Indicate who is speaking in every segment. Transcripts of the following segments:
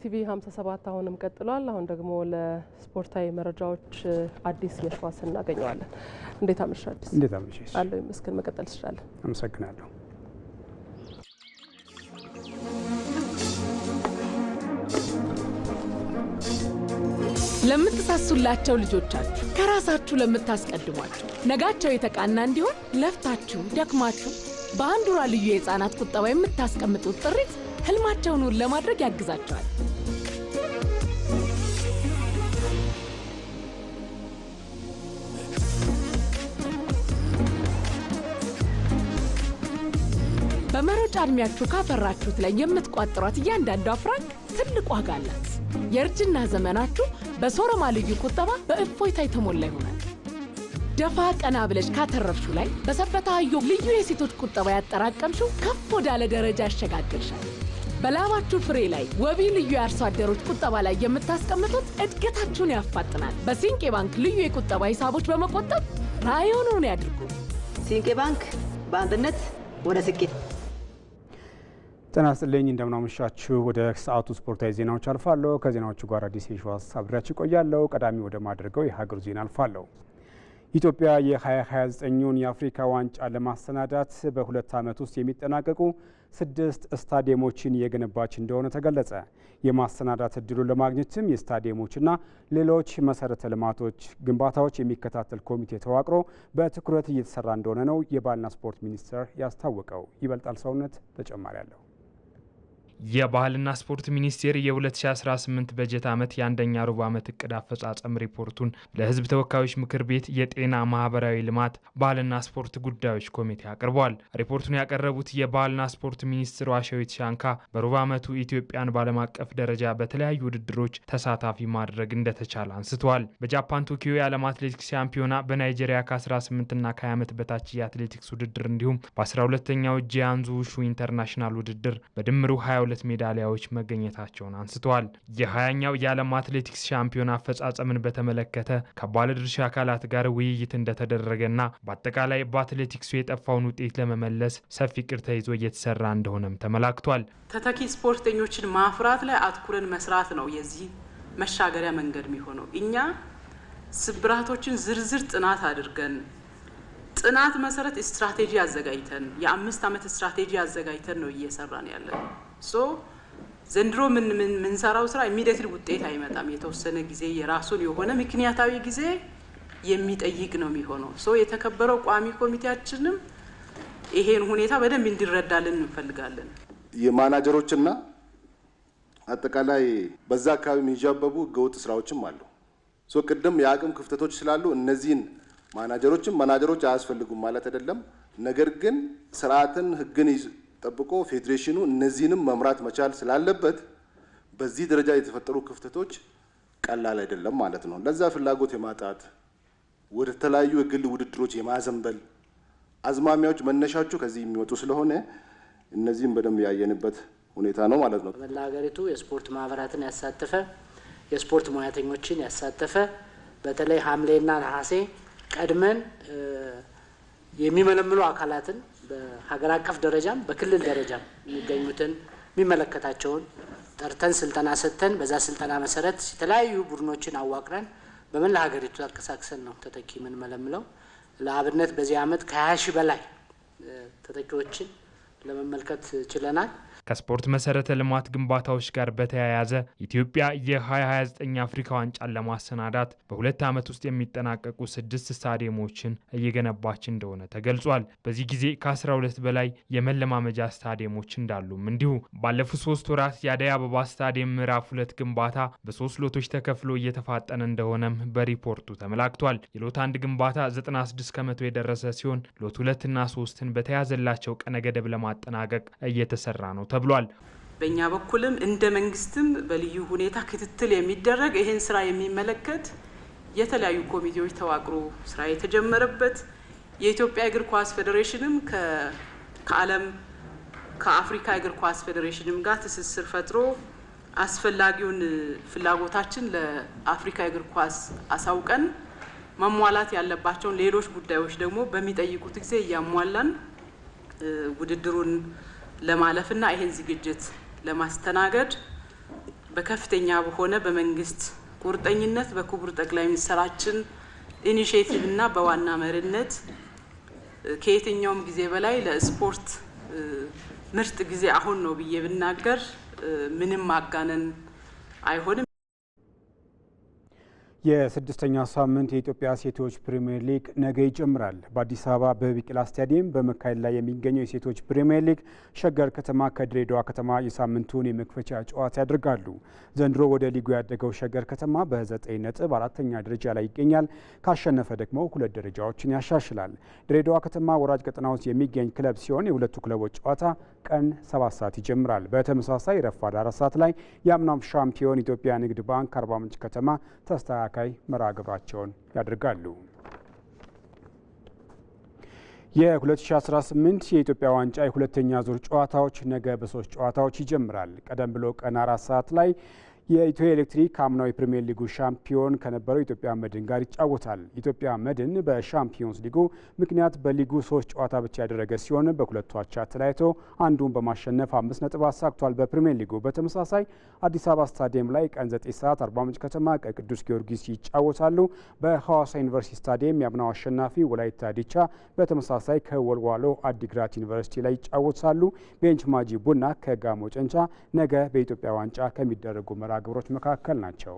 Speaker 1: ኢቲቪ 57 አሁንም ቀጥሏል። አሁን ደግሞ ለስፖርታዊ መረጃዎች አዲስ የሸዋስ እናገኘዋለን። እንዴት
Speaker 2: አመሻ አዲስ? እንዴት አመሻ
Speaker 1: አለው ይመስገን። መቀጠል
Speaker 2: ትችላለን። አመሰግናለሁ።
Speaker 3: ለምትሳሱላቸው ልጆቻችሁ ከራሳችሁ ለምታስቀድሟቸው ነጋቸው የተቃና እንዲሆን ለፍታችሁ ደክማችሁ በአንዱራ ልዩ የሕፃናት ቁጠባ የምታስቀምጡት ጥሪት ህልማቸውን እውን ለማድረግ ያግዛቸዋል። በሩጫ ዕድሜያችሁ ካፈራችሁት ላይ የምትቋጥሯት እያንዳንዷ ፍራንክ ትልቅ ዋጋ አላት። የእርጅና ዘመናችሁ በሶረማ ልዩ ቁጠባ በእፎይታ የተሞላ ይሆናል። ደፋ ቀና ብለሽ ካተረፍሹ ላይ በሰበታ አዮ ልዩ የሴቶች ቁጠባ ያጠራቀምሽው ከፍ ወዳለ ደረጃ ያሸጋግርሻል። በላባችሁ ፍሬ ላይ ወቢ ልዩ የአርሶ አደሮች ቁጠባ ላይ የምታስቀምጡት እድገታችሁን ያፋጥናል። በሲንቄ ባንክ ልዩ የቁጠባ ሂሳቦች በመቆጠብ ራዕዮን
Speaker 4: ያድርጉ። ሲንቄ ባንክ በአንድነት ወደ ስኬት
Speaker 5: ጤና ይስጥልኝ እንደምናመሻችሁ። ወደ ሰዓቱ ስፖርታዊ ዜናዎች አልፋለሁ። ከዜናዎቹ ጋር አዲስ የሸዋስ አብሬያችሁ ቆያለሁ። ቀዳሚ ወደ ማድረገው የሀገር ዜና አልፋለሁ። ኢትዮጵያ የ2029ን የአፍሪካ ዋንጫ ለማሰናዳት በሁለት ዓመት ውስጥ የሚጠናቀቁ ስድስት ስታዲየሞችን የገነባች እንደሆነ ተገለጸ። የማሰናዳት እድሉን ለማግኘትም የስታዲየሞችና ሌሎች መሰረተ ልማቶች ግንባታዎች የሚከታተል ኮሚቴ ተዋቅሮ በትኩረት እየተሰራ እንደሆነ ነው የባህልና ስፖርት ሚኒስቴር ያስታወቀው። ይበልጣል ሰውነት ተጨማሪ አለሁ
Speaker 6: የባህልና ስፖርት ሚኒስቴር የ2018 በጀት ዓመት የአንደኛ ሩብ ዓመት እቅድ አፈጻጸም ሪፖርቱን ለሕዝብ ተወካዮች ምክር ቤት የጤና ማህበራዊ ልማት ባህልና ስፖርት ጉዳዮች ኮሚቴ አቅርቧል። ሪፖርቱን ያቀረቡት የባህልና ስፖርት ሚኒስትር ዋሸዊት ሻንካ በሩብ ዓመቱ ኢትዮጵያን በዓለም አቀፍ ደረጃ በተለያዩ ውድድሮች ተሳታፊ ማድረግ እንደተቻለ አንስተዋል። በጃፓን ቶኪዮ የዓለም አትሌቲክስ ሻምፒዮና፣ በናይጄሪያ ከ18ና ከ20 ዓመት በታች የአትሌቲክስ ውድድር እንዲሁም በ12ኛው ጂያንዙ ውሹ ኢንተርናሽናል ውድድር በድምሩ 22 ሁለት ሜዳሊያዎች መገኘታቸውን አንስተዋል። የ20ኛው የዓለም አትሌቲክስ ሻምፒዮን አፈጻጸምን በተመለከተ ከባለድርሻ አካላት ጋር ውይይት እንደተደረገና በአጠቃላይ በአትሌቲክሱ የጠፋውን ውጤት ለመመለስ ሰፊ ቅር ተይዞ እየተሰራ እንደሆነም
Speaker 7: ተመላክቷል። ተተኪ ስፖርተኞችን ማፍራት ላይ አትኩረን መስራት ነው የዚህ መሻገሪያ መንገድ የሚሆነው እኛ ስብራቶችን ዝርዝር ጥናት አድርገን ጥናት መሰረት ስትራቴጂ አዘጋጅተን የአምስት ዓመት ስትራቴጂ አዘጋጅተን ነው እየሰራን ያለን። ሶ ዘንድሮ ምን ምንሰራው ስራ ኢሚዲየትሊ ውጤት አይመጣም። የተወሰነ ጊዜ የራሱን የሆነ ምክንያታዊ ጊዜ የሚጠይቅ ነው የሚሆነው። ሶ የተከበረው ቋሚ ኮሚቴያችንም ይሄን ሁኔታ በደንብ እንዲረዳልን እንፈልጋለን።
Speaker 8: የማናጀሮችና አጠቃላይ በዛ አካባቢ የሚዣበቡ ህገወጥ ስራዎችም አሉ። ሶ ቅድም የአቅም ክፍተቶች ስላሉ እነዚህን ማናጀሮችም ማናጀሮች አያስፈልጉም ማለት አይደለም። ነገር ግን ስርዓትን፣ ህግን ጠብቆ ፌዴሬሽኑ እነዚህንም መምራት መቻል ስላለበት በዚህ ደረጃ የተፈጠሩ ክፍተቶች ቀላል አይደለም ማለት ነው። ለዛ ፍላጎት የማጣት ወደ ተለያዩ የግል ውድድሮች የማዘንበል አዝማሚያዎች መነሻቸው ከዚህ የሚወጡ ስለሆነ እነዚህም በደንብ ያየንበት ሁኔታ
Speaker 7: ነው ማለት ነው። በመላ ሀገሪቱ የስፖርት ማህበራትን ያሳተፈ የስፖርት ሙያተኞችን ያሳተፈ በተለይ ሐምሌና ነሐሴ ቀድመን የሚመለምሉ አካላትን በሀገር አቀፍ ደረጃም በክልል ደረጃም የሚገኙትን የሚመለከታቸውን ጠርተን ስልጠና ሰጥተን በዛ ስልጠና መሰረት የተለያዩ ቡድኖችን አዋቅረን በምን ለሀገሪቱ ተንቀሳቅሰን ነው ተተኪ የምንመለምለው። ለአብነት በዚህ አመት ከሀያ ሺህ በላይ ተተኪዎችን ለመመልከት ችለናል።
Speaker 6: ከስፖርት መሰረተ ልማት ግንባታዎች ጋር በተያያዘ ኢትዮጵያ የ2029 አፍሪካ ዋንጫን ለማሰናዳት በሁለት ዓመት ውስጥ የሚጠናቀቁ ስድስት ስታዲየሞችን እየገነባች እንደሆነ ተገልጿል። በዚህ ጊዜ ከ12 በላይ የመለማመጃ ስታዲየሞች እንዳሉም እንዲሁ። ባለፉት ሶስት ወራት የአደይ አበባ ስታዲየም ምዕራፍ ሁለት ግንባታ በሶስት ሎቶች ተከፍሎ እየተፋጠነ እንደሆነም በሪፖርቱ ተመላክቷል። የሎት አንድ ግንባታ 96 ከመቶ የደረሰ ሲሆን ሎት ሁለትና ሶስትን በተያዘላቸው ቀነ ገደብ ለማጠናቀቅ እየተሰራ
Speaker 7: ነው ተብሏል። ተብሏል። በእኛ በኩልም እንደ መንግስትም በልዩ ሁኔታ ክትትል የሚደረግ ይህን ስራ የሚመለከት የተለያዩ ኮሚቴዎች ተዋቅሮ ስራ የተጀመረበት የኢትዮጵያ እግር ኳስ ፌዴሬሽንም ከዓለም ከአፍሪካ እግር ኳስ ፌዴሬሽንም ጋር ትስስር ፈጥሮ አስፈላጊውን ፍላጎታችን ለአፍሪካ እግር ኳስ አሳውቀን መሟላት ያለባቸውን ሌሎች ጉዳዮች ደግሞ በሚጠይቁት ጊዜ እያሟላን ውድድሩን ለማለፍና ይህን ዝግጅት ለማስተናገድ በከፍተኛ በሆነ በመንግስት ቁርጠኝነት በክቡር ጠቅላይ ሚኒስትራችን ኢኒሽቲቭ እና በዋና መሪነት ከየትኛውም ጊዜ በላይ ለስፖርት ምርጥ ጊዜ አሁን ነው ብዬ ብናገር ምንም ማጋነን አይሆንም።
Speaker 5: የስድስተኛ ሳምንት የኢትዮጵያ ሴቶች ፕሪምየር ሊግ ነገ ይጀምራል። በአዲስ አበባ በቢቂላ ስታዲየም በመካሄድ ላይ የሚገኘው የሴቶች ፕሪምየር ሊግ ሸገር ከተማ ከድሬዳዋ ከተማ የሳምንቱን የመክፈቻ ጨዋታ ያደርጋሉ። ዘንድሮ ወደ ሊጉ ያደገው ሸገር ከተማ በዘጠኝ ነጥብ አራተኛ ደረጃ ላይ ይገኛል። ካሸነፈ ደግሞ ሁለት ደረጃዎችን ያሻሽላል። ድሬዳዋ ከተማ ወራጅ ቀጠና ውስጥ የሚገኝ ክለብ ሲሆን የሁለቱ ክለቦች ጨዋታ ቀን ሰባት ሰዓት ይጀምራል። በተመሳሳይ ረፋድ አራት ሰዓት ላይ የአምናም ሻምፒዮን ኢትዮጵያ ንግድ ባንክ አርባ ምንጭ ከተማ ተስተካክሏል ተከታታይ መርሃ ግብራቸውን ያደርጋሉ። የ2018 የኢትዮጵያ ዋንጫ የሁለተኛ ዙር ጨዋታዎች ነገ በሶስት ጨዋታዎች ይጀምራል። ቀደም ብሎ ቀን አራት ሰዓት ላይ የኢትዮ ኤሌክትሪክ አምናው የፕሪምየር ሊጉ ሻምፒዮን ከነበረው ኢትዮጵያ መድን ጋር ይጫወታል። ኢትዮጵያ መድን በሻምፒዮንስ ሊጉ ምክንያት በሊጉ ሶስት ጨዋታ ብቻ ያደረገ ሲሆን በሁለቱ አቻ ተለያይቶ አንዱን በማሸነፍ አምስት ነጥብ አሳክቷል። በፕሪምየር ሊጉ በተመሳሳይ አዲስ አበባ ስታዲየም ላይ ቀን 9 ሰዓት አርባ ምንጭ ከተማ ከቅዱስ ጊዮርጊስ ይጫወታሉ። በሐዋሳ ዩኒቨርሲቲ ስታዲየም የአምናው አሸናፊ ወላይታ ዲቻ በተመሳሳይ ከወልዋሎ አዲግራት ዩኒቨርሲቲ ላይ ይጫወታሉ። ቤንች ማጂ ቡና ከጋሞ ጨንቻ ነገ በኢትዮጵያ ዋንጫ ከሚደረጉ መራ ግብሮች መካከል ናቸው።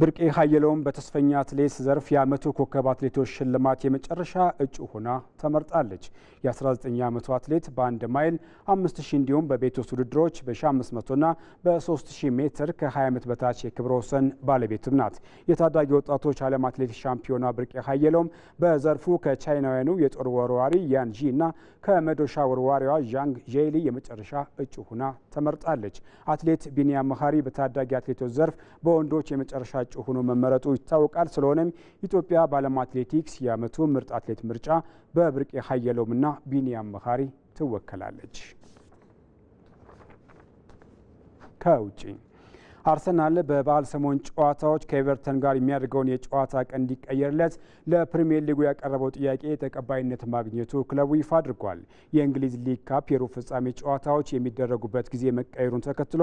Speaker 5: ብርቄ ሀየለውም በተስፈኛ አትሌት ዘርፍ የዓመቱ ኮከብ አትሌቶች ሽልማት የመጨረሻ እጩ ሆና ተመርጣለች። የ19 ዓመቱ አትሌት በአንድ ማይል 5000 እንዲሁም በቤት ውስጥ ውድድሮች በ1500ና በ3000 ሜትር ከ20 ዓመት በታች የክብረ ወሰን ባለቤትም ናት። የታዳጊ ወጣቶች ዓለም አትሌት ሻምፒዮኗ ብርቄ ሀየለውም በዘርፉ ከቻይናውያኑ የጦር ወርዋሪ ያን ዢ እና ከመዶሻ ወርዋሪዋ ዣንግ ጄሊ የመጨረሻ እጩ ሆና ተመርጣለች። አትሌት ቢኒያም መሀሪ በታዳጊ አትሌቶች ዘርፍ በወንዶች የመጨረሻ እጩ ሆኖ መመረጡ ይታወቃል። ስለሆነም ኢትዮጵያ በዓለም አትሌቲክስ የዓመቱ ምርጥ አትሌት ምርጫ በብርቄ ሀየለውምና ቢኒያም መካሪ ትወከላለች። ከውጪ አርሰናል በበዓል ሰሞን ጨዋታዎች ከኤቨርተን ጋር የሚያደርገውን የጨዋታ ቀን እንዲቀየርለት ለፕሪምየር ሊጉ ያቀረበው ጥያቄ ተቀባይነት ማግኘቱ ክለቡ ይፋ አድርጓል። የእንግሊዝ ሊግ ካፕ የሩብ ፍጻሜ ጨዋታዎች የሚደረጉበት ጊዜ መቀየሩን ተከትሎ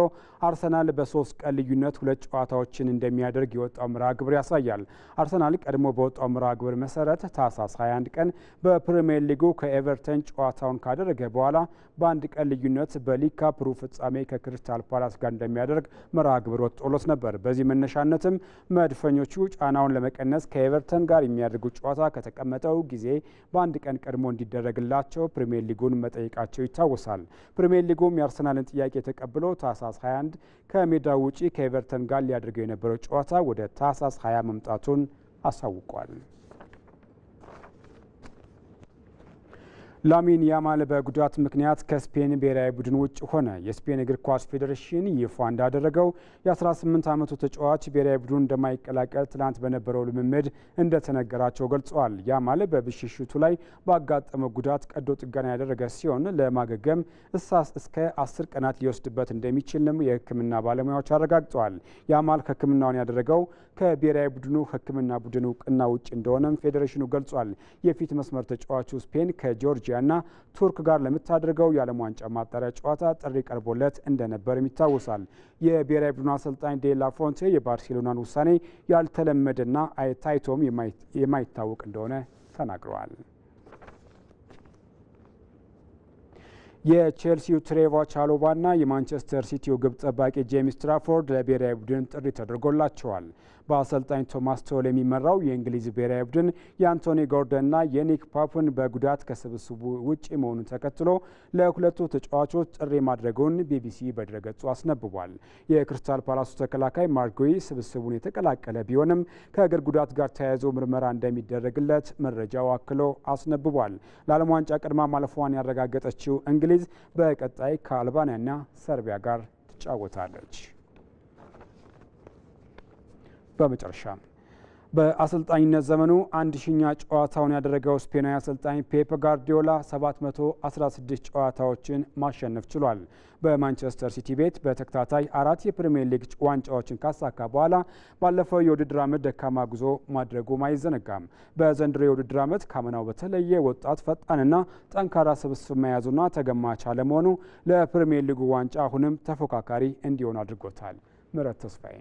Speaker 5: አርሰናል በሶስት ቀን ልዩነት ሁለት ጨዋታዎችን እንደሚያደርግ የወጣው ምርሃ ግብር ያሳያል። አርሰናል ቀድሞ በወጣው ምርሃ ግብር መሰረት ታህሳስ 21 ቀን በፕሪምየር ሊጉ ከኤቨርተን ጨዋታውን ካደረገ በኋላ በአንድ ቀን ልዩነት በሊግ ካፕ ሩብ ፍጻሜ ከክሪስታል ፓላስ ጋር እንደሚያደርግ መርሃ ግብር አብሮት ጥሎት ነበር። በዚህ መነሻነትም መድፈኞቹ ጫናውን ለመቀነስ ከኤቨርተን ጋር የሚያደርጉት ጨዋታ ከተቀመጠው ጊዜ በአንድ ቀን ቀድሞ እንዲደረግላቸው ፕሪምየር ሊጉን መጠየቃቸው ይታወሳል። ፕሪምየር ሊጉም የአርሰናልን ጥያቄ ተቀብሎ ታህሳስ 21 ከሜዳው ውጪ ከኤቨርተን ጋር ሊያደርገው የነበረው ጨዋታ ወደ ታህሳስ 20 መምጣቱን አሳውቋል። ላሚን ያማል በጉዳት ምክንያት ከስፔን ብሔራዊ ቡድን ውጭ ሆነ። የስፔን እግር ኳስ ፌዴሬሽን ይፋ እንዳደረገው የ18 ዓመቱ ተጫዋች ብሔራዊ ቡድኑ እንደማይቀላቀል ትናንት በነበረው ልምምድ እንደተነገራቸው ገልጸዋል። ያማል በብሽሽቱ ላይ ባጋጠመው ጉዳት ቀዶ ጥገና ያደረገ ሲሆን ለማገገም እሳስ እስከ 10 ቀናት ሊወስድበት እንደሚችልም የሕክምና ባለሙያዎች አረጋግጠዋል። ያማል ሕክምናውን ያደረገው ከብሔራዊ ቡድኑ ሕክምና ቡድን እውቅና ውጭ እንደሆነም ፌዴሬሽኑ ገልጿል። የፊት መስመር ተጫዋቹ ስፔን ከጆርጂያ ከሩሲያና ቱርክ ጋር ለምታደርገው የዓለም ዋንጫ ማጣሪያ ጨዋታ ጥሪ ቀርቦለት እንደነበር ይታወሳል። የብሔራዊ ቡድኑ አሰልጣኝ ዴላ ፎንቴ የባርሴሎናን ውሳኔ ያልተለመደና ታይቶም የማይታወቅ እንደሆነ ተናግረዋል። የቼልሲው ትሬቫ ቻሎባና የማንቸስተር ሲቲው ግብ ጠባቂ ጄምስ ትራፎርድ ለብሔራዊ ቡድን ጥሪ ተደርጎላቸዋል። በአሰልጣኝ ቶማስ ቶል የሚመራው የእንግሊዝ ብሔራዊ ቡድን የአንቶኒ ጎርደንና የኒክ ፓፕን በጉዳት ከስብስቡ ውጭ መሆኑን ተከትሎ ለሁለቱ ተጫዋቾች ጥሪ ማድረጉን ቢቢሲ በድረገጹ አስነብቧል። የክሪስታል ፓላሱ ተከላካይ ማርጉዊ ስብስቡን የተቀላቀለ ቢሆንም ከእግር ጉዳት ጋር ተያይዞ ምርመራ እንደሚደረግለት መረጃው አክሎ አስነብቧል። ለዓለም ዋንጫ ቅድማ ማለፏን ያረጋገጠችው እንግሊዝ በቀጣይ ከአልባንያና ሰርቢያ ጋር ትጫወታለች። በመጨረሻ በአሰልጣኝነት ዘመኑ አንድ ሺኛ ጨዋታውን ያደረገው ስፔናዊ አሰልጣኝ ፔፕ ጋርዲዮላ 716 ጨዋታዎችን ማሸነፍ ችሏል። በማንቸስተር ሲቲ ቤት በተከታታይ አራት የፕሪምየር ሊግ ዋንጫዎችን ካሳካ በኋላ ባለፈው የውድድር ዓመት ደካማ ጉዞ ማድረጉም አይዘነጋም። በዘንድሮ የውድድር ዓመት ካምናው በተለየ ወጣት ፈጣንና ጠንካራ ስብስብ መያዙና ተገማች አለመሆኑ ለፕሪምየር ሊጉ ዋንጫ አሁንም ተፎካካሪ እንዲሆን አድርጎታል። ምረት ተስፋዬ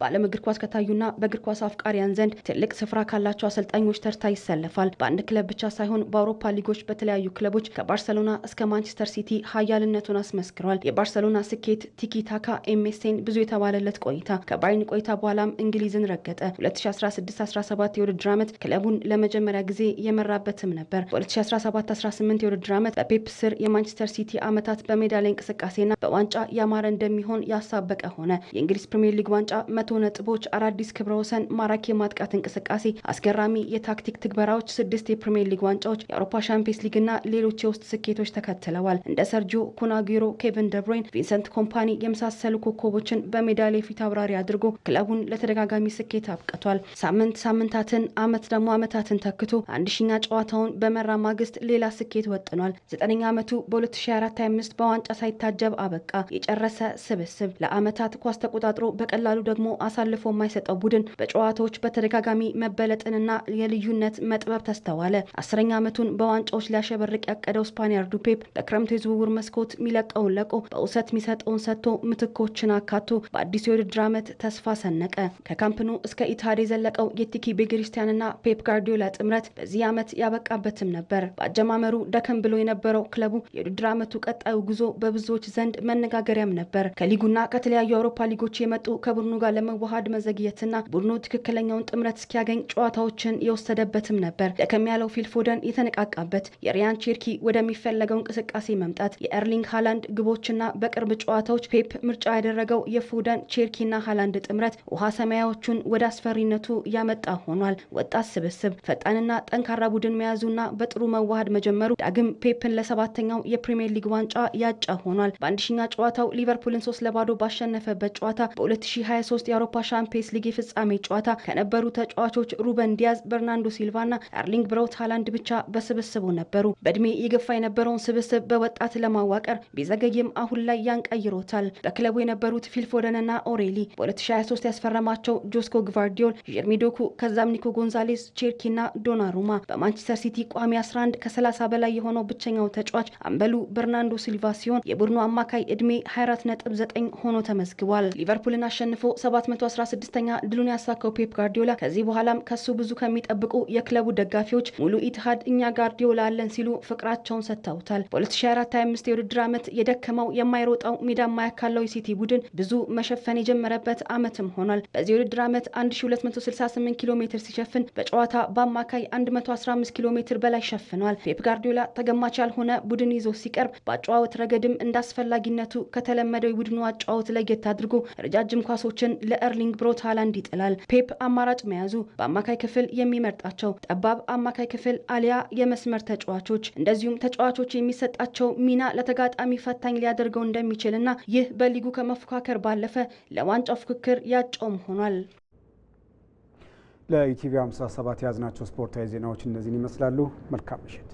Speaker 9: በዓለም እግር ኳስ ከታዩና በእግር ኳስ አፍቃሪያን ዘንድ ትልቅ ስፍራ ካላቸው አሰልጣኞች ተርታ ይሰለፋል። በአንድ ክለብ ብቻ ሳይሆን በአውሮፓ ሊጎች በተለያዩ ክለቦች ከባርሰሎና እስከ ማንቸስተር ሲቲ ሀያልነቱን አስመስክሯል። የባርሰሎና ስኬት ቲኪታካ፣ ኤምኤስኤን ብዙ የተባለለት ቆይታ ከባይን ቆይታ በኋላም እንግሊዝን ረገጠ። 2016/17 የውድድር ዓመት ክለቡን ለመጀመሪያ ጊዜ የመራበትም ነበር። በ2017/18 የውድድር ዓመት በፔፕ ስር የማንቸስተር ሲቲ ዓመታት በሜዳ ላይ እንቅስቃሴና በዋንጫ ያማረ እንደሚሆን ያሳበቀ ሆነ። የእንግሊዝ ፕሪምየር ሊግ ዋንጫ መቶ ነጥቦች፣ አዳዲስ ክብረ ወሰን፣ ማራኪ የማጥቃት እንቅስቃሴ፣ አስገራሚ የታክቲክ ትግበራዎች፣ ስድስት የፕሪምየር ሊግ ዋንጫዎች፣ የአውሮፓ ሻምፒየንስ እና ሌሎች የውስጥ ስኬቶች ተከትለዋል። እንደ ሰርጂዮ ኩናጊሮ፣ ኬቨን ደብሮይን፣ ቪንሰንት ኮምፓኒ የመሳሰሉ ኮከቦችን በሜዳ ላይ ፊት አብራሪ አድርጎ ክለቡን ለተደጋጋሚ ስኬት አብቅቷል። ሳምንት ሳምንታትን፣ አመት ደግሞ አመታትን ተክቶ አንድ ሺኛ ጨዋታውን በመራ ማግስት ሌላ ስኬት ወጥኗል። ዘጠነኛ ዓመቱ በ2024/25 በዋንጫ ሳይታጀብ አበቃ። የጨረሰ ስብስብ ለአመታት ኳስ ተቆጣጥሮ በቀላሉ ደግሞ አሳልፎ የማይሰጠው ቡድን በጨዋታዎች በተደጋጋሚ መበለጥንና የልዩነት መጥበብ ተስተዋለ። አስረኛ ዓመቱን በዋንጫዎች ሊያሸበርቅ ያቀደው ስፓኒያርዱ ፔፕ በክረምቱ የዝውውር መስኮት የሚለቀውን ለቆ በውሰት የሚሰጠውን ሰጥቶ ምትኮችን አካቶ በአዲሱ የውድድር ዓመት ተስፋ ሰነቀ። ከካምፕኑ እስከ ኢታድ የዘለቀው የቲኪ ቤክሪስቲያንና ፔፕ ጋርዲዮላ ጥምረት በዚህ ዓመት ያበቃበትም ነበር። በአጀማመሩ ደከም ብሎ የነበረው ክለቡ የውድድር ዓመቱ ቀጣዩ ጉዞ በብዙዎች ዘንድ መነጋገሪያም ነበር። ከሊጉና ከተለያዩ አውሮፓ ሊጎች የመጡ ከቡድኑ ጋር የመዋሃድ መዘግየትና ቡድኑ ትክክለኛውን ጥምረት እስኪያገኝ ጨዋታዎችን የወሰደበትም ነበር። ደከም ያለው ፊልፎደን የተነቃቃበት፣ የሪያን ቼርኪ ወደሚፈለገው እንቅስቃሴ መምጣት፣ የኤርሊንግ ሃላንድ ግቦችና በቅርብ ጨዋታዎች ፔፕ ምርጫ ያደረገው የፎደን ቼርኪና ሃላንድ ጥምረት ውሃ ሰማያዎቹን ወደ አስፈሪነቱ ያመጣ ሆኗል። ወጣት ስብስብ ፈጣንና ጠንካራ ቡድን መያዙና በጥሩ መዋሃድ መጀመሩ ዳግም ፔፕን ለሰባተኛው የፕሪምየር ሊግ ዋንጫ ያጫ ሆኗል። በአንድ ሺኛ ጨዋታው ሊቨርፑልን ሶስት ለባዶ ባሸነፈበት ጨዋታ በ2023 የአውሮፓ ሻምፒየንስ ሊግ የፍጻሜ ጨዋታ ከነበሩ ተጫዋቾች ሩበን ዲያዝ፣ በርናንዶ ሲልቫና ኤርሊንግ ብራውት ሃላንድ ብቻ በስብስቡ ነበሩ። በእድሜ የገፋ የነበረውን ስብስብ በወጣት ለማዋቀር ቢዘገይም አሁን ላይ ያንቀይሮታል። በክለቡ የነበሩት ና ኦሬሊ በ2023 ያስፈረማቸው ጆስኮ ግቫርዲዮል፣ ጀርሚ ዶኩ፣ ከዛም ኒኮ ጎንዛሌስ፣ ቼርኪና ዶናሩማ በማንቸስተር ሲቲ ቋሚ 11 ከ30 በላይ የሆነው ብቸኛው ተጫዋች አምበሉ በርናንዶ ሲልቫ ሲሆን የቡድኑ አማካይ ዕድሜ 24.9 ሆኖ ተመዝግቧል። ሊቨርፑልን አሸንፎ ሰባት 716ኛ ድሉን ያሳካው ፔፕ ጋርዲዮላ ከዚህ በኋላም ከሱ ብዙ ከሚጠብቁ የክለቡ ደጋፊዎች ሙሉ ኢትሃድ እኛ ጋርዲዮላ አለን ሲሉ ፍቅራቸውን ሰጥተውታል። በ2024/25 የውድድር ዓመት የደከመው የማይሮጠው ሜዳ ማያካለው የሲቲ ቡድን ብዙ መሸፈን የጀመረበት ዓመትም ሆኗል። በዚህ የውድድር ዓመት 1268 ኪሎ ሜትር ሲሸፍን በጨዋታ በአማካይ 115 ኪሎ ሜትር በላይ ሸፍኗል። ፔፕ ጋርዲዮላ ተገማች ያልሆነ ቡድን ይዞ ሲቀርብ በአጨዋወት ረገድም እንዳስፈላጊነቱ ከተለመደው የቡድኑ አጨዋወት ለየት አድርጎ ረጃጅም ኳሶችን ለእርሊንግ ብሮት ሃላንድ ይጥላል። ፔፕ አማራጭ መያዙ በአማካይ ክፍል የሚመርጣቸው ጠባብ አማካይ ክፍል አሊያ የመስመር ተጫዋቾች እንደዚሁም ተጫዋቾች የሚሰጣቸው ሚና ለተጋጣሚ ፈታኝ ሊያደርገው እንደሚችልና ይህ በሊጉ ከመፎካከር ባለፈ ለዋንጫው ፉክክር ያጨውም ሆኗል።
Speaker 5: ለኢቲቪ 57 የያዝናቸው ስፖርታዊ ዜናዎች እነዚህን ይመስላሉ። መልካም ምሽት።